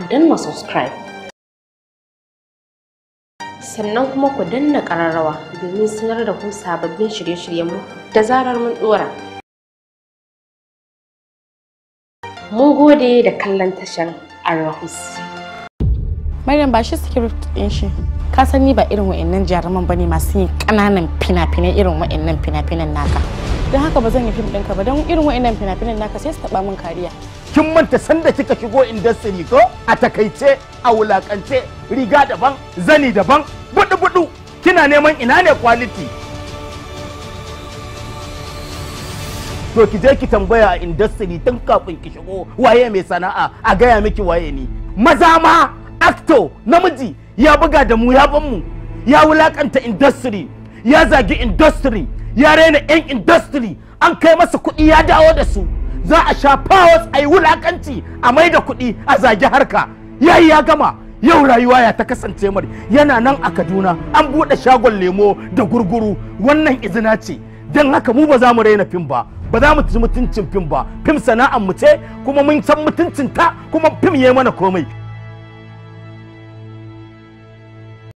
ku danna subscribe sannan kuma ku danna kararrawa domin sanar da ku sababbin shirye-shiryenmu da zarar mun ɗora. Mun gode da kallon tashar Arahus. Maryam ba shi script din shi. Ka san ba irin wa'annan jaruman bane masu yin ƙananan fina-finai irin wa'annan fina-finan naka. Don haka ba zan yi fim ɗinka ba don irin wa'annan fina-finan naka sai su taɓa min kariya. kin manta sanda kika shigo industry ko a takaice a wulakance riga daban zani daban budu budu kina neman ina ne quality to ki je ki tambaya a industry tun kafin ki shigo waye mai sana'a a gaya miki waye ni maza ma acto namiji ya buga da mu ya ban mu ya wulakanta industry ya zagi industry ya rena 'yan industry an kai masa kuɗi ya dawo da su za a sha powers ayi yi wulakanci a mai da kuɗi a zagi harka yayi ya gama yau rayuwa ya ta kasance mari yana nan a kaduna an buɗe shagon lemo da gurguru wannan izina ce don haka mu ba za mu raina fim ba ba za mu ci mutuncin fim ba fim sana'ar mu ce kuma mun san mutuncin ta kuma fim ya mana komai